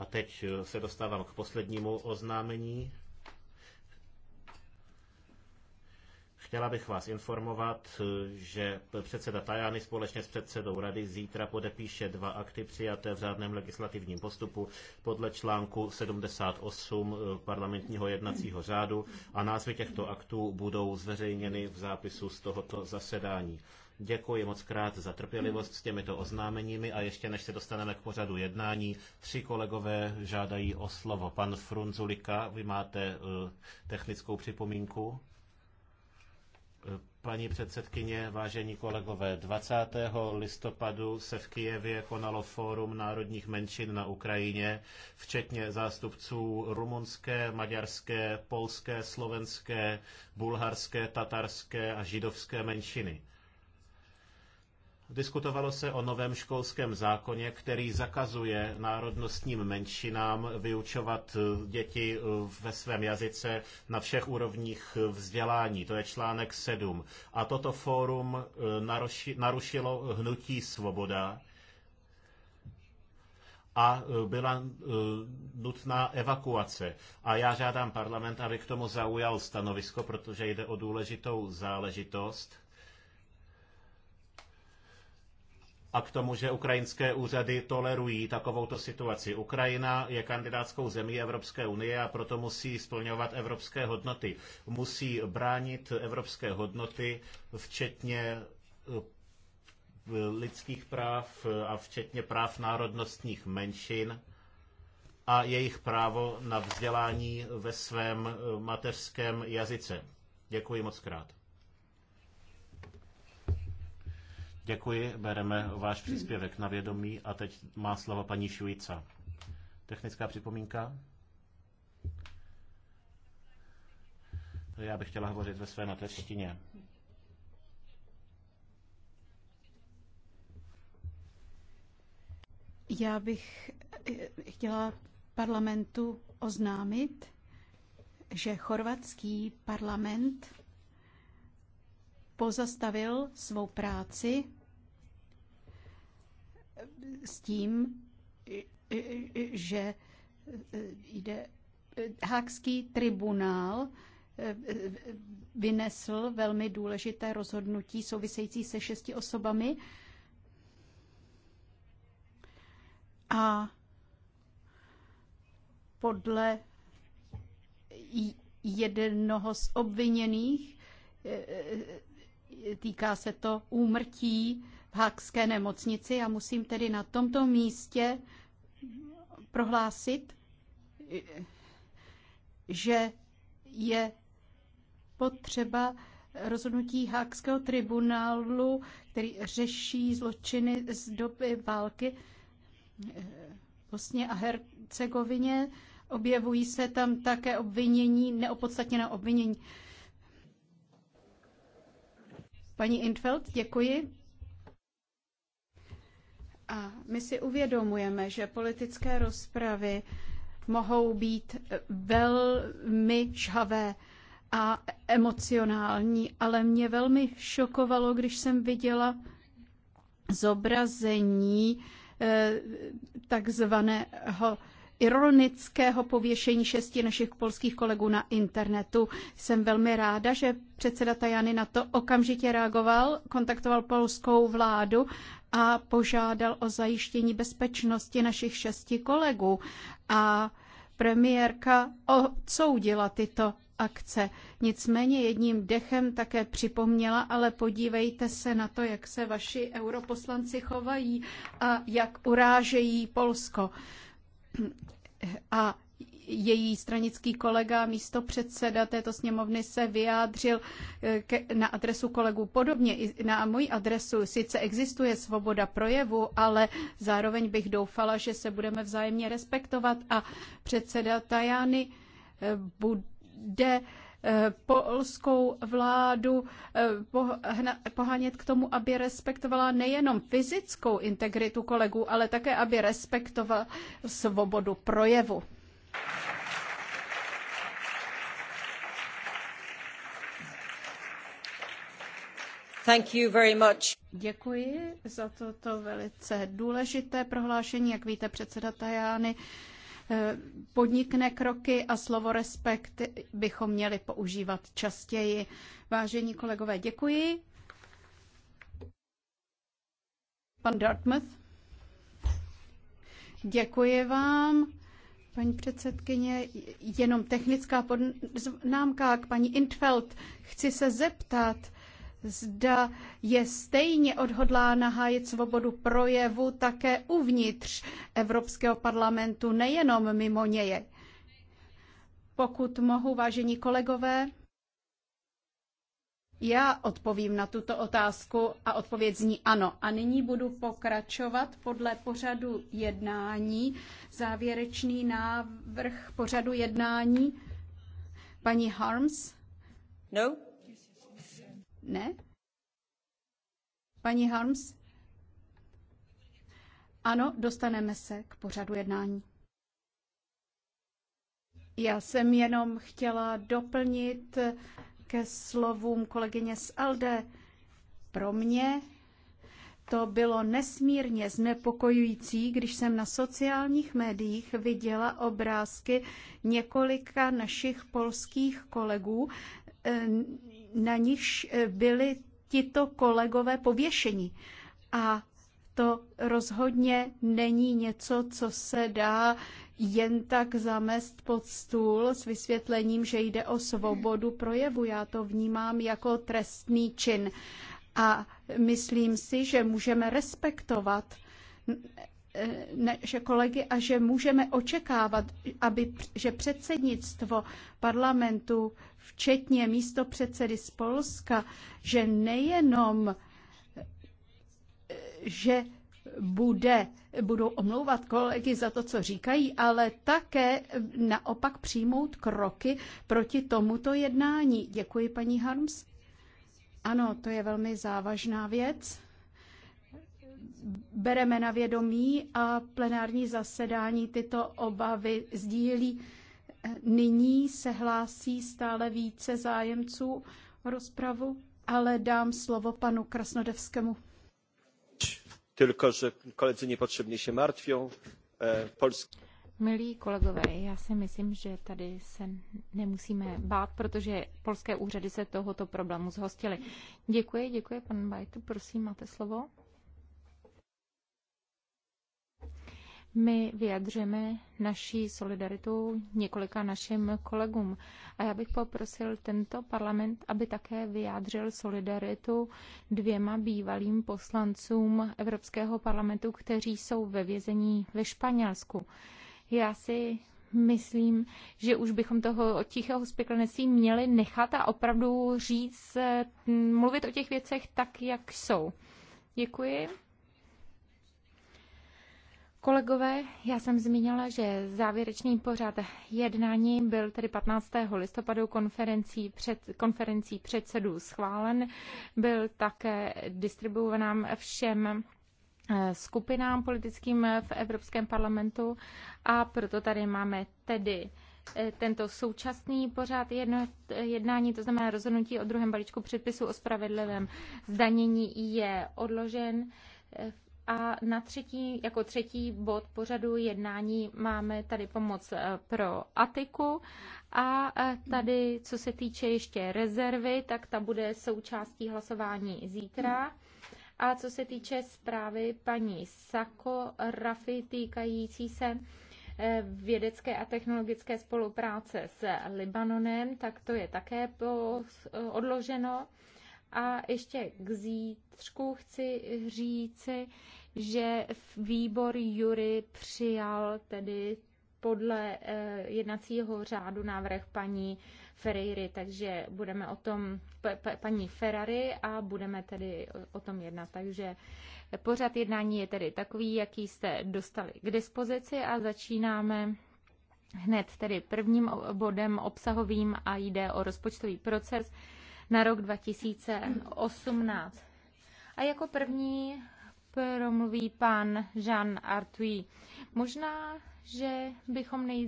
A teď eh, se dostávám k poslednímu oznámení. Chtěla bych vás informovat, že předseda Tajany společně s předsedou rady zítra podepíše dva akty přijaté v řádném legislativním postupu podle článku 78 parlamentního jednacího řádu a názvy těchto aktů budou zveřejněny v zápisu z tohoto zasedání. Děkuji moc krát za trpělivost s těmito oznámeními a ještě než se dostaneme k pořadu jednání, tři kolegové žádají o slovo. Pan Frunzulika, vy máte eh, technickou připomínku? Paní předsedkyně, vážení kolegové, 20. listopadu se v Kijevě konalo Fórum národních menšin na Ukrajině, včetně zástupců rumunské, maďarské, polské, slovenské, bulharské, tatarské a židovské menšiny. Diskutovalo se o novém školském zákoně, který zakazuje národnostním menšinám vyučovat eh, děti eh, ve svém jazyce na všech úrovních eh, vzdělání. To je článek 7. A toto fórum narušilo hnutí Svoboda a byla nutná evakuace. A já žádám parlament, aby k tomu zaujal stanovisko, protože jde o důležitou záležitost. a k tomu, že ukrajinské úřady tolerují takovouto situaci. Ukrajina je kandidátskou zemí Evropské unie a proto musí splňovat evropské hodnoty. Musí bránit evropské hodnoty, včetně eh, lidských práv a včetně práv národnostních menšin a jejich právo na vzdělání ve svém eh, mateřském jazyce. Děkuji moc krát. Děkuji, bereme váš příspěvek na vědomí a teď má slovo paní Šujica. Technická připomínka? Já bych chtěla hovořit ve své mateřštině. Já bych eh, chtěla parlamentu oznámit, že chorvatský parlament pozastavil svou práci s tím, že jde Hákský tribunál vynesl velmi důležité rozhodnutí související se šesti osobami. A podle jednoho z obviněných týká se to úmrtí v Hákské nemocnici a musím tedy na tomto místě prohlásit, že je potřeba rozhodnutí Hákského tribunálu, který řeší zločiny z doby války v Bosně a Hercegovině. Objevují se tam také obvinění, neopodstatněné obvinění. Paní Infeld, děkuji. A my si uvědomujeme, že politické rozpravy mohou být velmi žhavé a emocionální, ale mě velmi šokovalo, když jsem viděla zobrazení eh, takzvaného ironického pověšení šesti našich polských kolegů na internetu. Jsem velmi ráda, že předseda Tajany na to okamžitě reagoval, kontaktoval polskou vládu a požádal o zajištění bezpečnosti našich šesti kolegů. A premiérka odsoudila tyto akce. Nicméně jedním dechem také připomněla, ale podívejte se na to, jak se vaši europoslanci chovají a jak urážejí Polsko a její stranický kolega, místo předseda této sněmovny, se vyjádřil eh, ke, na adresu kolegů podobně. I na můj adresu sice existuje svoboda projevu, ale zároveň bych doufala, že se budeme vzájemně respektovat a předseda Tajány eh, bude Eh, polskou vládu eh, pohánět k tomu, aby respektovala nejenom fyzickou integritu kolegů, ale také, aby respektovala svobodu projevu. Thank you very much. Děkuji za toto velice důležité prohlášení. Jak víte, předseda Tajány Eh, podnikne kroky a slovo respekt bychom měli používat častěji. Vážení kolegové, děkuji. Pan Dartmouth. Děkuji vám. Paní předsedkyně, jenom technická poznámka k paní Intfeld. Chci se zeptat, zda je stejně odhodlána hájit svobodu projevu také uvnitř Evropského parlamentu, nejenom mimo něj. Pokud mohu, vážení kolegové, já odpovím na tuto otázku a odpověď zní ano. A nyní budu pokračovat podle pořadu jednání. Závěrečný návrh pořadu jednání. Paní Harms? No. Ne? Paní Harms? Ano, dostaneme se k pořadu jednání. Já jsem jenom chtěla doplnit ke slovům kolegyně z Alde. Pro mě to bylo nesmírně znepokojující, když jsem na sociálních médiích viděla obrázky několika našich polských kolegů, na níž byli tito kolegové pověšení. A to rozhodně není něco, co se dá jen tak zamést pod stůl s vysvětlením, že jde o svobodu projevu. Já to vnímám jako trestný čin. A myslím si, že můžeme respektovat naše kolegy a že můžeme očekávat, aby, že předsednictvo parlamentu, včetně místo předsedy z Polska, že nejenom, že bude, budou omlouvat kolegy za to, co říkají, ale také naopak přijmout kroky proti tomuto jednání. Děkuji, paní Harms. Ano, to je velmi závažná věc bereme na vědomí a plenární zasedání tyto obavy sdílí. Nyní se hlásí stále více zájemců o rozpravu, ale dám slovo panu Krasnodevskému. Tylko, že koledzy nepotřebně se martví. E, Polsk... Milí kolegové, já si myslím, že tady se nemusíme bát, protože polské úřady se tohoto problému zhostily. Děkuji, děkuji, pan Bajtu, prosím, máte slovo. my vyjadřujeme naší solidaritu několika našim kolegům. A já bych poprosil tento parlament, aby také vyjádřil solidaritu dvěma bývalým poslancům Evropského parlamentu, kteří jsou ve vězení ve Španělsku. Já si myslím, že už bychom toho tichého spiklenectví měli nechat a opravdu říct, mluvit o těch věcech tak, jak jsou. Děkuji. Kolegové, já jsem zmínila, že závěrečný pořad jednání byl tedy 15. listopadu konferencí, před, konferencí předsedů schválen, byl také distribuován všem eh, skupinám politickým v Evropském parlamentu a proto tady máme tedy eh, tento současný pořád jedno, jednání, to znamená rozhodnutí o druhém balíčku předpisu o spravedlivém zdanění je odložen eh, a na třetí, jako třetí bod pořadu jednání máme tady pomoc eh, pro Atiku. A eh, tady, co se týče ještě rezervy, tak ta bude součástí hlasování zítra. A co se týče zprávy paní Sako Rafi týkající se eh, vědecké a technologické spolupráce s Libanonem, tak to je také odloženo. A ještě k zítřku chci říci, že výbor Jury přijal tedy podle eh, jednacího řádu návrh paní Ferreiry, takže budeme o tom, paní Ferrari, a budeme tedy o tom jednat. Takže pořad jednání je tedy takový, jaký jste dostali k dispozici a začínáme hned tedy prvním bodem obsahovým a jde o rozpočtový proces na rok 2018. A jako první promluví pan Jean Artui. Možná, že bychom nej